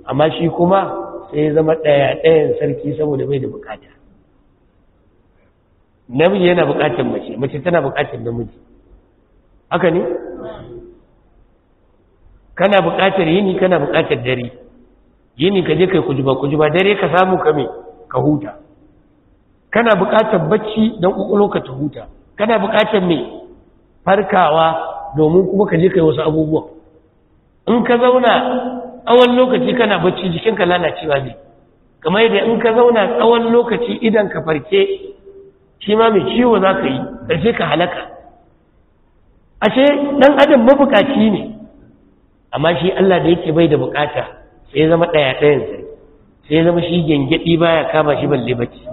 amma shi kuma sai ya zama ɗaya ɗayan sarki saboda bai da bukata namiji yana bukatar mace mace tana bukatar namiji haka ne kana bukatar yini kana bukatar dare yini ka je kai kujuba kujuba dare ka samu ka mai ka huta kana bukatar bacci don kokolo ka ta huta kana bukatar mai. farkawa domin kuma ka je kai wasu abubuwa in ka zauna tsawon lokaci kana bacci jikinka lalacewa ne kamar yadda in ka zauna tsawon lokaci idan ka farke shi ma mai ciwo za ka yi ƙarshe ka halaka ashe ɗan adam mabukaci ne amma shi Allah da yake bai da bukata sai zama ɗaya ɗayan sai sai zama shi gyangyaɗi baya kama shi balle bacci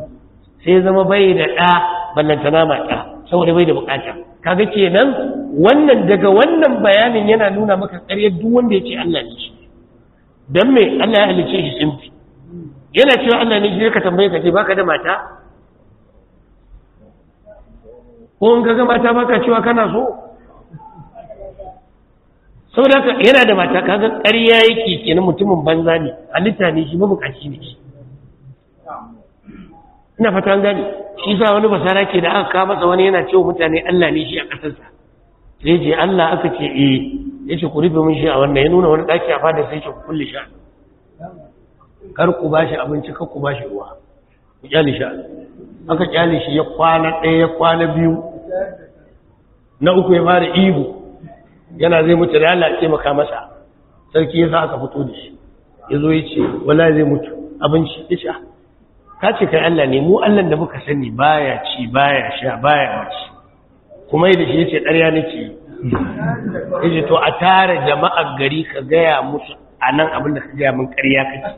sai zama bai da ɗa ballantana mata saboda bai da bukata kaga kenan wannan daga wannan bayanin yana nuna maka ƙaryar duk wanda ya ce Allah ne shi dan me Allah ya halice shi simfi yana cewa Allah ne shi ka tambaye ka ce baka da mata ko in kaga mata baka cewa kana so saboda yana da mata kaga ƙarya yake kenan mutumin banza ne halitta ne shi mabukaci ne shi ina fata an gane shi sa wani basara ke da aka kawo masa wani yana cewa mutane Allah ne shi a ƙasarsa sai je Allah aka ce eh ya ce ku rufe mun shi a wannan ya nuna wani ɗaki a fada sai ce ku kulle shi kar ku ba shi abinci kar ku ba shi ruwa ku kyale shi aka kyale shi ya kwana ɗaya ya kwana biyu na uku ya fara ihu yana zai mutu da Allah taimaka masa sarki ya sa aka fito da shi ya zo ya ce wala zai mutu abinci ya ce ah. ka ce kai Allah ne mu Allah da muka sani baya ci baya sha baya mace kuma yadda shi yace ƙarya nake yace to a tare jama'ar gari ka gaya musu anan abin da ka gaya min ƙarya kake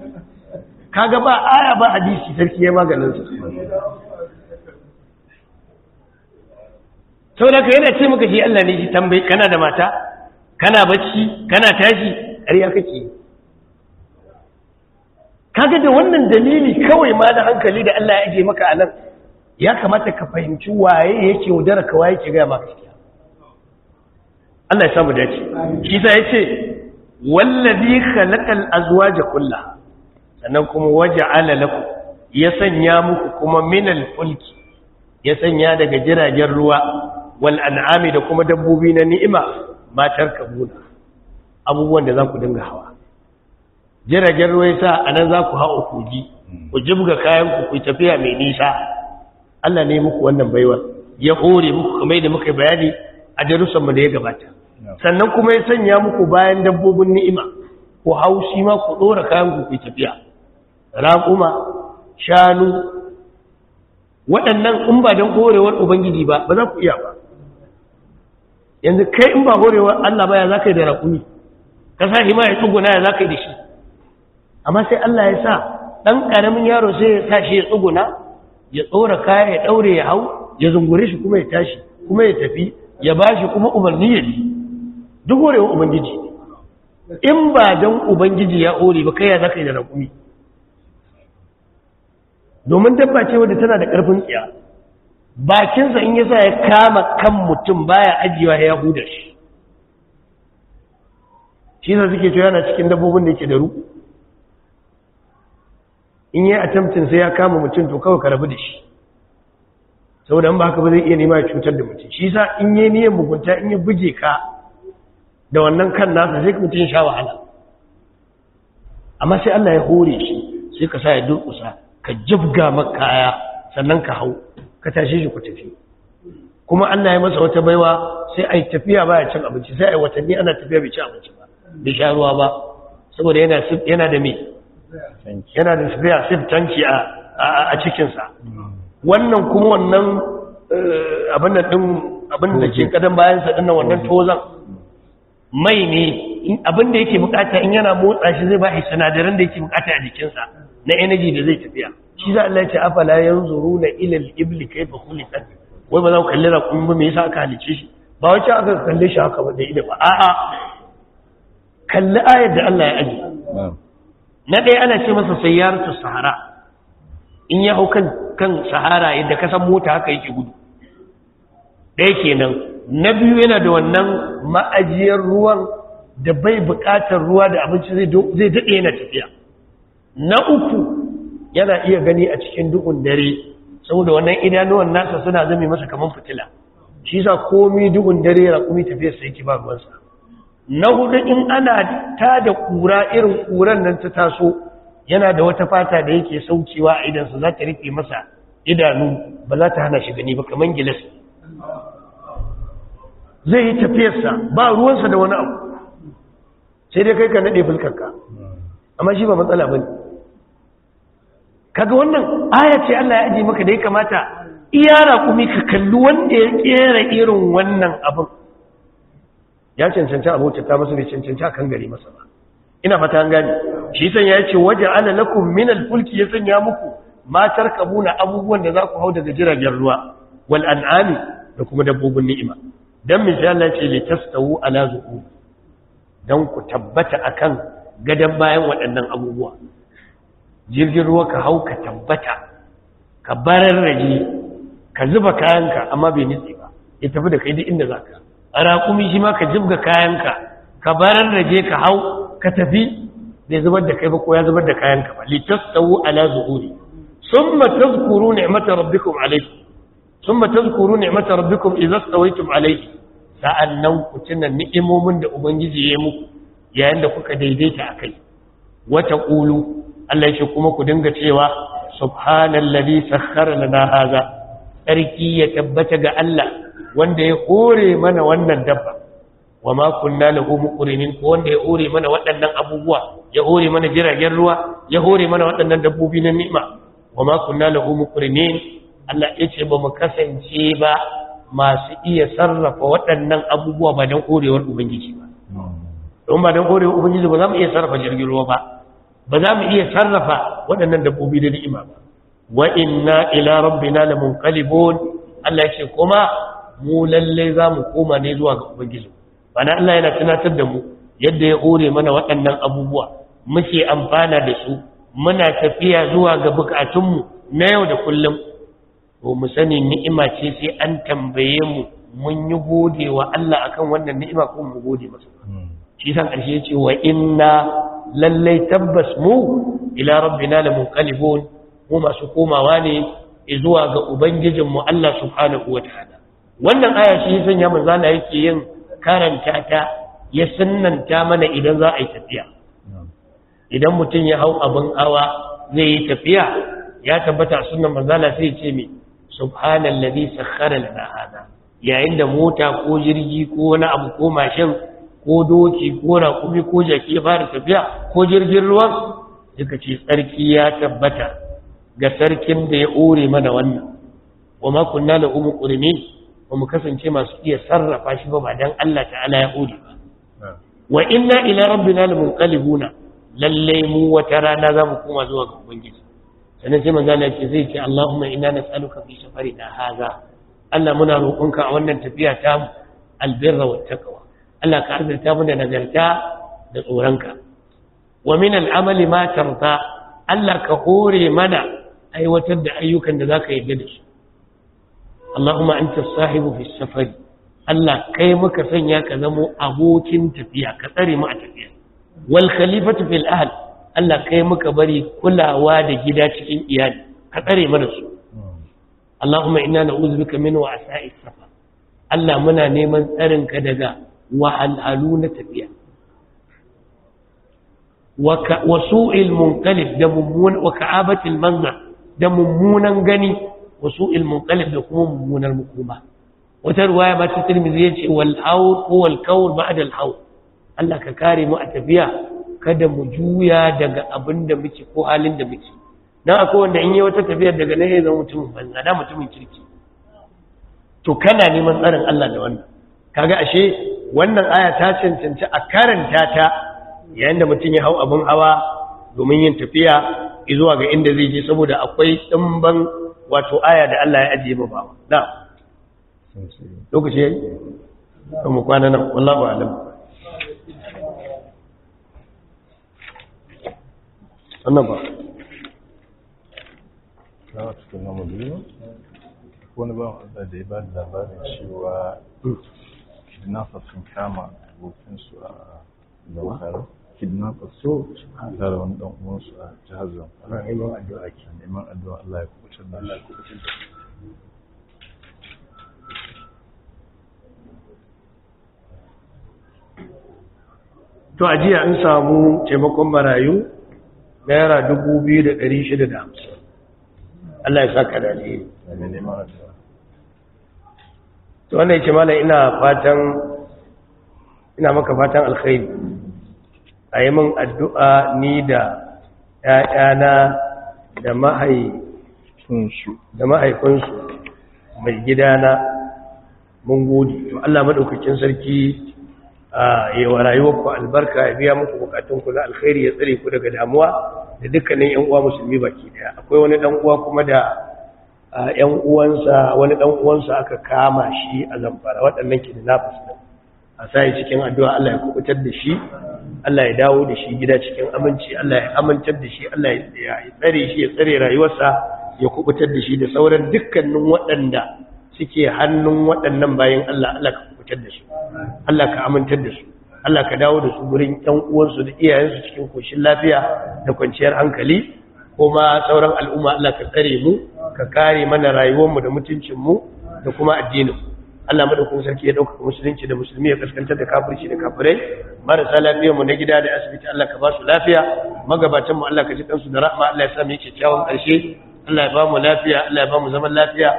kaga ba aya ba hadisi sarki ya maganin su sau da ka yana ce muka shi Allah ne shi tambayi kana da mata kana bacci kana tashi ƙarya kake kaga da wannan dalili kawai ma da hankali da Allah ya aje maka a nan ya kamata ka fahimci waye yake wudara ka waye yake gaya maka Allah ya samu dace shi sa yace wallazi khalaqal azwaja kullah sannan kuma waja'ala lakum ya sanya muku kuma minal fulki ya sanya daga jiragen ruwa wal an'ami da kuma dabbobi na ni'ima matar kabuna abubuwan da za ku dinga hawa jiragen ruwa yasa a nan za ku hau kogi hmm. ku jibga kayan ku ku tafiya mai nisa Allah ne muku wannan baiwa ya hore muku kamar da muka bayani a darussan mu da ya gabata sannan kuma ya sanya muku bayan dabbobin ni'ima ku hau shi ma ku dora kayan ku ku tafiya raquma shanu waɗannan in ba don horewar ubangiji ba ba za ku iya ba yanzu kai in ba horewar Allah baya za ka yi da raƙumi ka sa hima ya tsuguna ya za ka yi da shi amma sai Allah ya sa ɗan ƙaramin yaro sai ya tashi ya tsuguna ya tsora kaya ya ɗaure ya hau ya zungure shi kuma ya tashi kuma ya tafi ya ba shi kuma umarni ya ji duk horewar ubangiji in ba don ubangiji ya ore ba kai ya za ka yi da rakumi domin dabba ce wadda tana da ƙarfin tsiya bakinsa in yasa ya kama kan mutum baya ajiyewa ya huda shi shi suke cewa yana cikin dabbobin da yake da in yi attempting sai ya kama mutum to kawai ka rabu da shi saboda ba haka ba zai iya nema ya cutar da mutum shi sa in yi niyyar mugunta in yi buge ka da wannan kan nasa sai mutum sha wahala amma sai Allah ya hore shi sai ka sa ya durkusa ka jibga makaya kaya sannan ka hau ka tashi shi ku tafi kuma Allah ya masa wata baiwa sai ai tafiya baya cin abinci sai ai watanni ana tafiya bai ci abinci ba bai sha ruwa ba saboda yana da me yana da spare sif tanki a cikinsa wannan kuma wannan eh, abin da ke kadan bayansa ɗin wannan tozan mai ne abin da yake bukata in yana motsa shi zai ba shi sinadaran da yake bukata a jikinsa na energy da zai tafiya shi za Allah ya ce afala yanzuru na ilal ibli kaifa khuliqat wai ba za ku kalli ba me yasa aka halice shi ba wace aka kalle shi haka ba da ido ba a'a kalli ayar da Allah ya aje na ɗaya ana ce masa sai sayyaratu sahara in ya hau kan sahara yadda ka san mota haka yake gudu ɗaya kenan na biyu yana da wannan ma'ajiyar ruwan da bai buƙatar ruwa da abinci zai daɗe yana tafiya na uku yana iya gani a cikin dukkan dare saboda wannan idanuwan nasa suna zame masa kamar fitila shi sa komi dukkan dare ya raƙumi tafiya sai ki ba ruwansa na hudu in ana ta da kura irin kuran nan ta taso yana da wata fata da yake saucewa a idansa za ta rufe masa idanu ba za ta hana shi gani ba kamar gilas zai yi tafiyarsa ba ruwansa da wani abu sai dai kai ka naɗe fulkarka amma shi ba matsala ba ne kaga wannan aya ce Allah ya aji maka da ya kamata iya raƙumi ka kalli wanda ya ƙera irin wannan abin ya cancanci abota ta ne cancanci a kan gari masa ba ina fata an gani shi san ya ce waje ana lakum minal fulki ya sanya muku matar ka kabuna abubuwan da za ku hau daga jiragen ruwa wal an'ami da kuma dabbobin ni'ima dan misali ce li tastawu ala zuqu dan ku tabbata akan gadan bayan waɗannan abubuwa jirgin ruwa ka hau ka tabbata ka barar ka zuba kayanka amma bai nitsi ba ya tafi da kai duk inda za ka. raƙumi shi ma ka jibga kayanka ka barar da je ka hau ka tafi Zai zubar da kai ba ko ya zubar da kayanka ba litastawu ala zuhuri summa tazkuru ni'mata rabbikum alaykum summa tazkuru ni'mata rabbikum idza stawaytum alayhi sa'annan ku tuna ni'imomin da ubangiji ya muku yayin da kuka daidaita akai wa taqulu Allah yake kuma ku dinga cewa subhanallazi sakhkhara lana hadha sarki ya tabbata ga Allah wanda ya hore mana wannan dabba wa ma kunna lahu muqrinin ko wanda ya hore mana waɗannan abubuwa ya hore mana jiragen ruwa ya hore mana waɗannan dabbobi na ni'ima wa ma kunna lahu muqrinin Allah ya ce ba mu kasance ba masu iya sarrafa waɗannan abubuwa ba don horewar ubangiji ba don ba don horewar ubangiji ba za mu iya sarrafa jirgin ruwa ba ba za mu iya sarrafa waɗannan dabbobi da ni'ima ba wa inna ila rabbina lamunqalibun Allah ya ce kuma mu lalle za mu koma ne zuwa ga ubangiji bana Allah yana tunatar da mu yadda ya ore mana waɗannan abubuwa muke amfana da su muna tafiya zuwa ga bukatunmu na yau da kullum to mu sani ni'ima ce sai an tambaye mu mun yi gode wa Allah akan wannan ni'ima ko mu gode masa shi san ƙarshe ya ce wa inna lallai tabbas mu ila rabbina lamunqalibun mu masu komawa ne zuwa ga ubangijinmu Allah subhanahu wataala wannan aya shi ya ya mu zana yake yin karanta ta ya sunnanta mana idan za a yi tafiya idan mutum ya hau abin awa zai yi tafiya ya tabbata sunan manzala sai ya ce me subhanallazi sakhara lana hada yayin da mota ko jirgi ko wani abu ko mashin ko doki ko raƙumi ko jaki ya fara tafiya ko jirgin ruwa duka ce sarki ya tabbata ga sarkin da ya ore mana wannan wa ma kunna la umu Wa mu kasance masu iya sarrafa shi ba ba dan Allah ta'ala ya hore ba wa inna ila rabbina lamunqalibuna lalle mu wata rana za mu koma zuwa ga ubangiji sannan sai manzo Allah ce zai ce Allahumma inna nas'aluka fi safarina hadha Allah muna roƙonka a wannan tafiya ta mu albirra wa taqwa Allah ka arzuta mu da nagarta da tsoronka wa min al'amali ma tarda Allah ka hore mana aiwatar da ayyukan da zaka yi da shi. Allahumma anta sahibu fi Allah kai muka sanya ka zamo abokin tafiya ka tsare mu a tafiya wal khalifatu fil Allah kai muka bari kulawa da gida cikin iyali ka tsare mana su Allahumma inna na'udhu bika min wa'sa'i safar Allah muna neman tsarin ka daga wahalhalu na tafiya wa da mummunan gani wasu ilmunkalif da kuma mummunar mukuma wata ruwaya ba ta tirmizi ya ce wal'aur ko walƙawar ba Allah ka kare mu a tafiya kada mu juya daga abin da muke ko halin da muke na akwai wanda in yi wata tafiyar daga nan ya zama mutumin banza da mutumin kirki to kana neman tsarin Allah da wannan kaga ashe wannan aya ta cancanci a karanta ta yayin da mutum ya hau abin hawa domin yin tafiya zuwa ga inda zai je saboda akwai tsimban wato aya da Allah ya ajiye ba na lokaci yayi mu kwana nan wallahi alam annan ba na cikin namu biyu wani ba wanda da ya ba da labarin cewa hmm. kidnapper sun kama abokinsu a zaukar kidnap so su haɗa da wani ɗan uwansu a jihar zamfara neman addu'a ke neman addu'a Allah ya kubutar da shi to a jiya an samu taimakon marayu naira dubu biyu da ɗari shida da hamsin Allah ya saka da alheri to wannan ya ce malam ina fatan ina maka fatan alkhairi a yi min addu'a ni da ‘ya'yana da mahaifinsu mai gidana mun gudu to Allah maɗaukakin sarki a yawa rayuwarku albarka ya biya muku ku na alkhairi ya tsare ku daga damuwa da dukkanin ‘yan uwa musulmi baki daya akwai wani ɗan kuma da ‘yan’uwansa wani ɗan aka kama shi a zamfara waɗannan kidnappers a sa yi cikin addu'a Allah ya kubutar da shi Allah ya dawo da shi gida cikin aminci Allah ya amintar da shi Allah ya tsare shi ya tsare rayuwarsa ya kubutar da shi da sauran dukkanin waɗanda suke hannun waɗannan bayan Allah Allah ka kubutar da su Allah ka amintar da su Allah ka dawo da su gurin ƴan uwansu da iyayensu cikin koshin lafiya da kwanciyar hankali kuma sauran al'umma Allah ka tsare mu ka kare mana rayuwarmu da mutuncin mu da kuma addininmu Allah madaukakin sarki ya dauka musulunci da musulmi ya kaskantar da kafirci da kafirai marasa lafiyar mu na gida da asibiti Allah ka ba su lafiya magabatan mu Allah ka ji kansu da rahma Allah ya sa mu yi kyakkyawan karshe Allah ya ba mu lafiya Allah ya ba mu zaman lafiya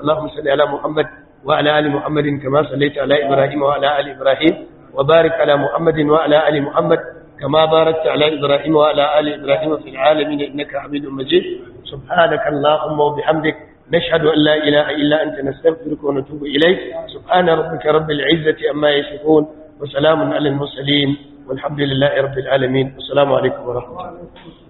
Allahumma salli ala Muhammad wa ala ali Muhammad kama sallaita ala Ibrahim wa ala ali Ibrahim wa barik ala Muhammad wa ala ali Muhammad كما باركت على إبراهيم وعلى آل إبراهيم في العالمين إنك حميد مجيد سبحانك اللهم وبحمدك نشهد أن لا إله إلا أنت نستغفرك ونتوب إليك سبحان ربك رب العزة أما يشكون وسلام على المرسلين والحمد لله رب العالمين والسلام عليكم ورحمة الله